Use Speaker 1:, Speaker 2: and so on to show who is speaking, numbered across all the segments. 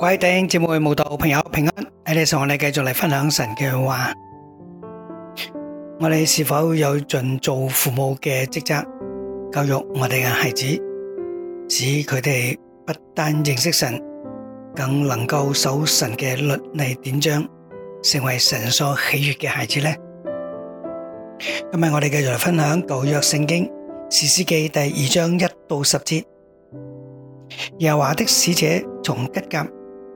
Speaker 1: 各位弟兄姊妹、慕道朋友平安，喺呢時候我哋繼續嚟分享神嘅話。我哋是否有盡做父母嘅職責，教育我哋嘅孩子，使佢哋不單認識神，更能夠守神嘅律例典章，成為神所喜悅嘅孩子呢？今日我哋繼續嚟分享舊約聖經士師記第二章一到十節。耶華的使者從吉甲。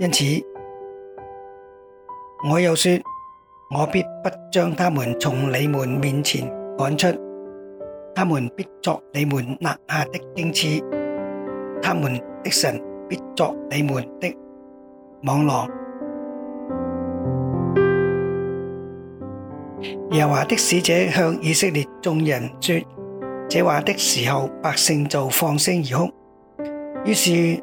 Speaker 1: 因此，我又說，我必不將他們從你們面前趕出，他們必作你們肋下的荊棘，他們的神必作你們的網羅。耶和華的使者向以色列眾人說這話的時候，百姓就放聲而哭。於是，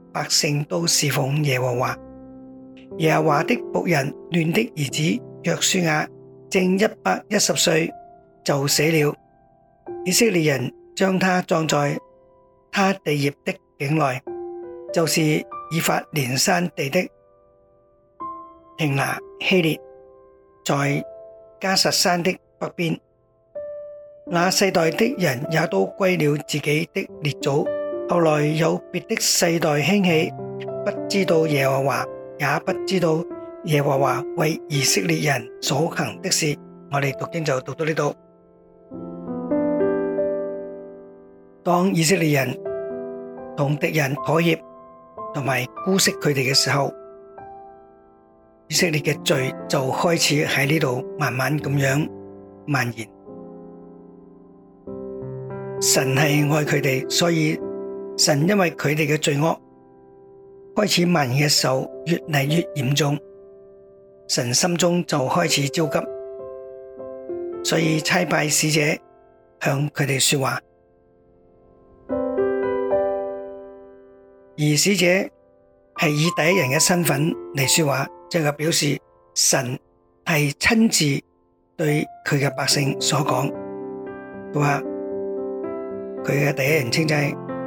Speaker 1: 百姓都侍奉耶和華。耶和華的僕人亂的兒子約書亞，正一百一十歲就死了。以色列人將他葬在他地業的境內，就是以法蓮山地的亭拿希列，在加實山的北邊。那世代的人也都歸了自己的列祖。後來有別的世代興起，不知道耶和華，也不知道耶和華為以色列人所行的事。我哋讀經就讀到呢度。當以色列人同敵人妥協同埋姑息佢哋嘅時候，以色列嘅罪就開始喺呢度慢慢咁樣蔓延。神係愛佢哋，所以。神因為佢哋嘅罪惡，開始蔓延得越嚟越嚴重，神心中就開始焦急，所以差派使者向佢哋說話，而使者係以第一人嘅身份嚟說話，即係表示神係親自對佢嘅百姓所講，話佢嘅第一人稱就係。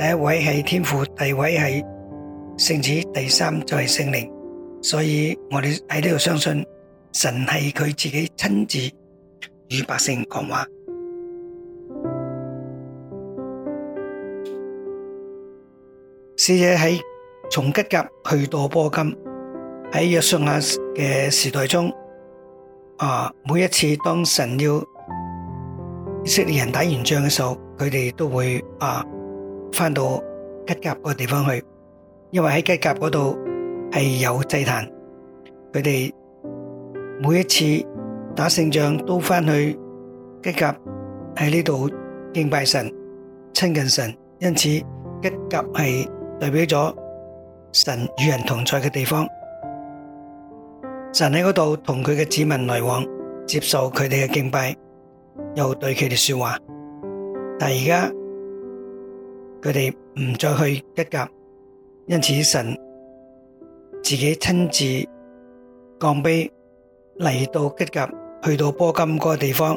Speaker 1: 第一位係天父，第二位係聖子，第三就係聖靈。所以我哋喺呢度相信神係佢自己親自與百姓講話。使者喺從吉甲去到波金喺約書亞嘅時代中啊，每一次當神要以色列人打完仗嘅時候，佢哋都會啊。翻到吉甲個地方去，因為喺吉甲嗰度係有祭壇，佢哋每一次打勝仗都翻去吉甲，喺呢度敬拜神、親近神，因此吉甲係代表咗神與人同在嘅地方，神喺嗰度同佢嘅子民來往，接受佢哋嘅敬拜，又對佢哋說話，但而家。佢哋唔再去吉甲，因此神自己親自降卑嚟到吉甲，去到波金嗰個地方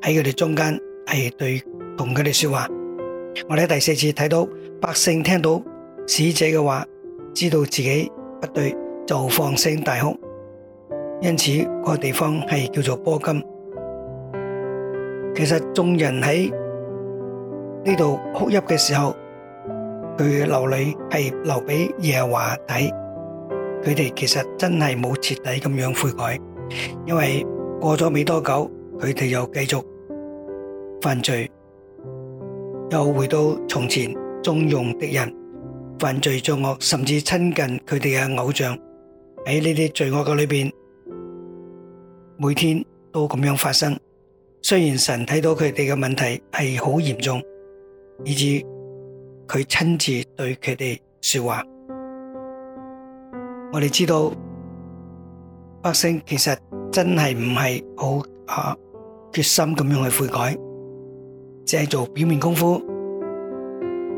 Speaker 1: 喺佢哋中間，係對同佢哋說話。我哋喺第四次睇到百姓聽到使者嘅話，知道自己不對就放聲大哭，因此嗰個地方係叫做波金。其實眾人喺。呢度哭泣嘅時候，佢嘅流淚係留俾耶華睇，佢哋其實真係冇徹底咁樣悔改，因為過咗未多久，佢哋又繼續犯罪，又回到從前縱容敵人犯罪作惡，甚至親近佢哋嘅偶像。喺呢啲罪惡嘅裏邊，每天都咁樣發生。雖然神睇到佢哋嘅問題係好嚴重。以至佢親自對佢哋說話，我哋知道百姓其實真係唔係好啊決心咁樣去悔改，只、就是做表面功夫、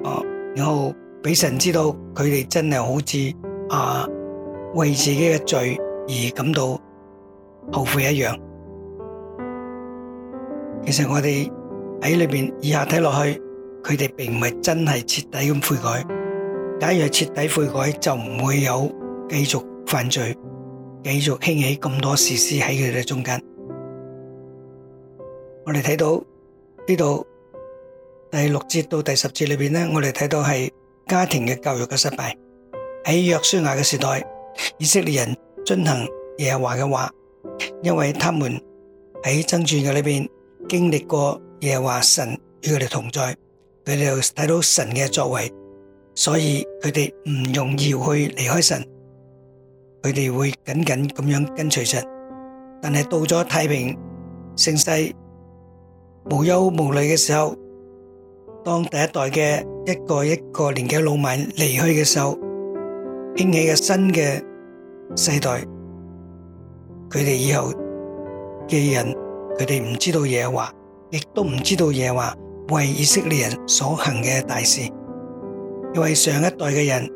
Speaker 1: 啊、然後畀神知道佢哋真係好似啊為自己嘅罪而感到後悔一樣。其實我哋喺裏面以下睇落去。佢哋並唔係真係徹底咁悔改，假如係徹底悔改，就唔會有繼續犯罪，繼續興起咁多事事喺佢哋嘅中間。我哋睇到呢度第六節到第十節裏邊咧，我哋睇到係家庭嘅教育嘅失敗。喺約書亞嘅時代，以色列人遵行耶和華嘅話，因為他們喺爭戰嘅裏邊經歷過耶和華神與佢哋同在。佢哋就睇到神嘅作為，所以佢哋唔容易去離開神，佢哋會緊緊咁樣跟隨神。但係到咗太平盛世、無憂無慮嘅時候，當第一代嘅一個一個年紀老邁離開嘅時候，興起嘅新嘅世代，佢哋以後嘅人，佢哋唔知道耶和華，亦都唔知道耶和華。為以色列人所行嘅大事，因為上一代嘅人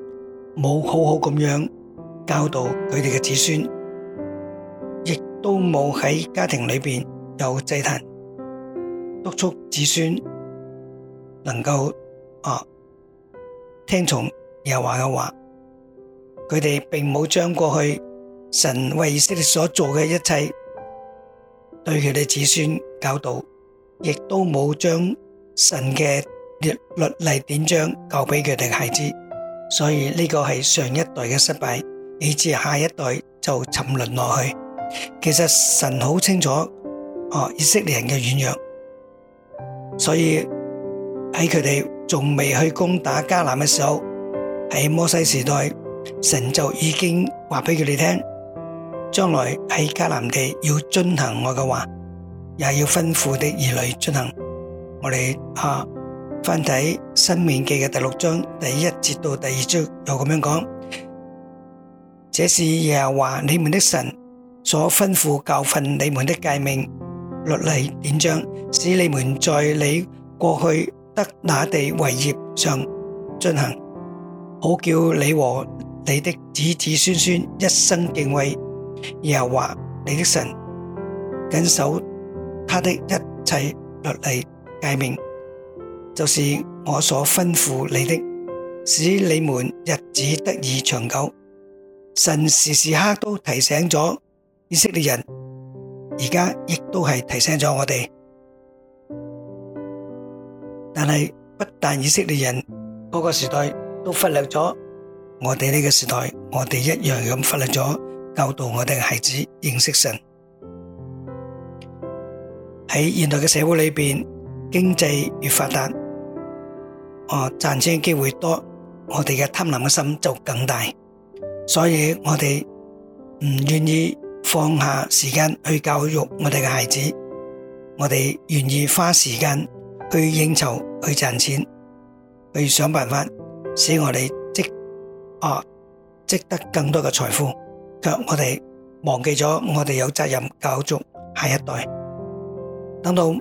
Speaker 1: 冇好好咁樣教導佢哋嘅子孫，亦都冇喺家庭裏邊有祭壇督促子孫能夠啊聽從耶和華嘅話，佢哋並冇將過去神為以色列所做嘅一切對佢哋子孫教導，亦都冇將。神嘅律例典章教俾佢哋嘅孩子，所以呢個係上一代嘅失敗，以至下一代就沉淪落去。其實神好清楚哦，以色列人嘅軟弱，所以喺佢哋仲未去攻打迦南嘅時候，喺摩西時代，神就已經話俾佢哋聽，將來喺迦南地要遵行我嘅話，也要吩咐的兒女遵行。我哋啊，翻睇申命記嘅第六章第一節到第二節又咁樣講，這是耶和華你們的神所吩咐教訓你們的誡命律例典章，使你們在你過去得那地為業上進行，好叫你和你的子子孫孫一生敬畏耶和華你的神，謹守他的一切律例。誡命就是我所吩咐你的，使你們日子得以長久。神時時刻都提醒咗以色列人，而家亦都係提醒咗我哋。但係不但以色列人嗰個時代都忽略咗，我哋呢個時代，我哋一樣咁忽略咗教導我哋嘅孩子認識神。喺現代嘅社會裏邊。經濟越發達，哦，賺錢嘅機會多，我哋嘅貪婪嘅心就更大，所以我哋唔願意放下時間去教育我哋嘅孩子，我哋願意花時間去應酬、去賺錢、去想辦法使我哋積哦，積得更多嘅財富，卻我哋忘記咗我哋有責任教育下一代，等到。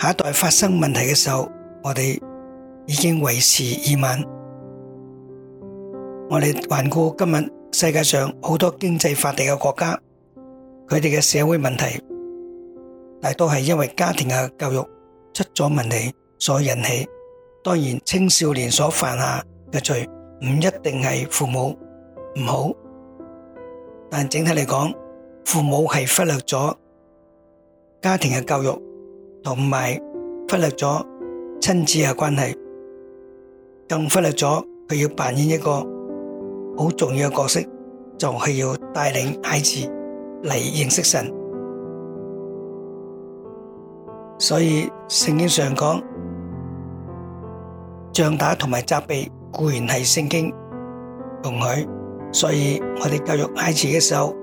Speaker 1: 下一代發生問題嘅時候，我哋已經為時已晚。我哋環顧今日世界上好多經濟發達嘅國家，佢哋嘅社會問題大多係因為家庭嘅教育出咗問題所引起。當然，青少年所犯下嘅罪唔一定係父母唔好，但整體嚟講，父母係忽略咗家庭嘅教育。同埋忽略咗親子嘅關係，更忽略咗佢要扮演一個好重要嘅角色，就係要帶領孩子嚟認識神。所以聖經上講，杖打同埋責備固然係聖經容許，所以我哋教育孩子嘅時候，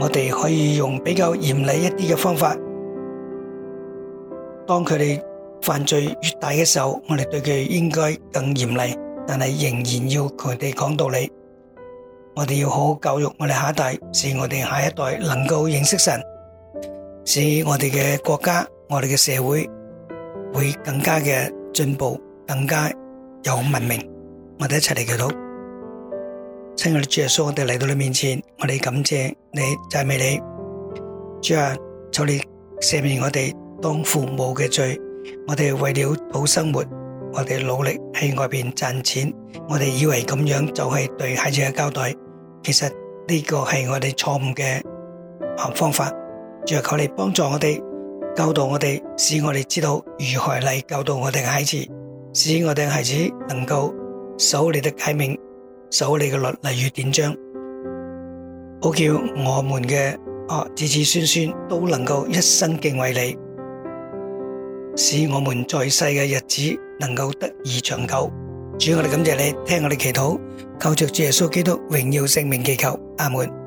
Speaker 1: 我哋可以用比較嚴厲一啲嘅方法。當佢哋犯罪越大嘅時候，我哋對佢應該更嚴厲，但係仍然要佢哋講道理。我哋要好好教育我哋下一代，使我哋下一代能夠認識神，使我哋嘅國家、我哋嘅社會會更加嘅進步，更加有文明。我哋一齊嚟祈禱，親愛的主耶穌，我哋嚟到你面前，我哋感謝你，讚美你，主啊，求你赦免我哋。當父母嘅罪，我哋為了討生活，我哋努力喺外邊賺錢，我哋以為咁樣就係對孩子嘅交代。其實呢個係我哋錯誤嘅啊方法。主，求你幫助我哋，教導我哋，使我哋知道如何嚟教導我哋嘅孩子，使我哋嘅孩子能夠守你嘅誡命，守你嘅律例與典章，好叫我們嘅啊子子孫孫都能夠一生敬畏你。使我們在世嘅日子能夠得以長久，主，我哋感謝你聽我哋祈禱，靠着耶穌基督榮耀聖名祈求，阿門。